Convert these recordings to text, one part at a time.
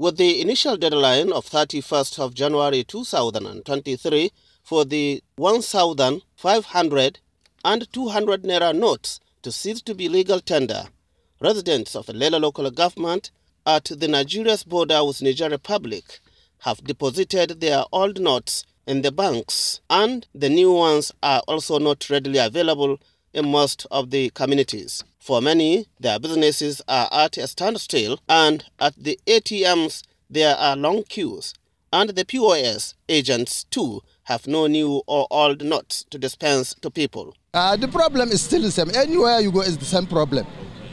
With the initial deadline of 31st of January 2023 for the 1,500 and 200 naira notes to cease to be legal tender, residents of Ilela local government at the Nigeria's border with Niger Republic have deposited their old notes in the banks and the new ones are also not readily available in most of the communities. For many, their businesses are at a standstill and at the ATMs there are long queues, and the POS agents too have no new or old notes to dispense to people. Uh, the problem is still the same. Anywhere you go is the same problem.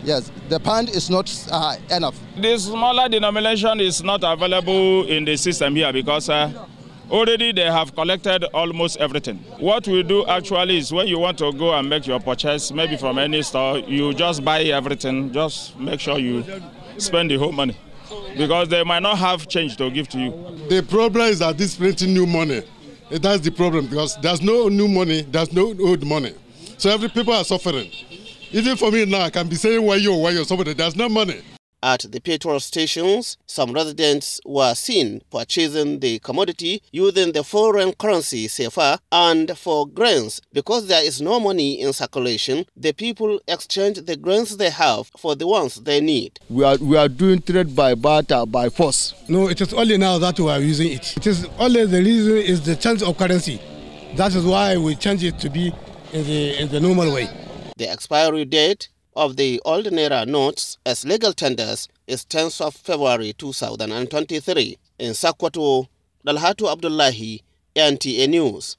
Yes, the pound is not uh, enough. The smaller denomination is not available in the system here because uh, Already they have collected almost everything. What we do actually is when you want to go and make your purchase, maybe from any store, you just buy everything, just make sure you spend the whole money because they might not have change to give to you. The problem is that this printing new money. That's the problem because there's no new money, there's no old money. So every people are suffering. Even for me now, I can be saying why you, why you, somebody, there's no money. At the petrol stations, some residents were seen purchasing the commodity using the foreign currency CFA and for grains. Because there is no money in circulation, the people exchange the grains they have for the ones they need. We are, we are doing trade by barter, by force. No, it is only now that we are using it. It is only the reason is the change of currency. That is why we change it to be in the, in the normal way. The expiry date of the old Naira notes as legal tenders is 10th of February 2023. In Sakwato, Dalhatu Abdullahi, NTA News.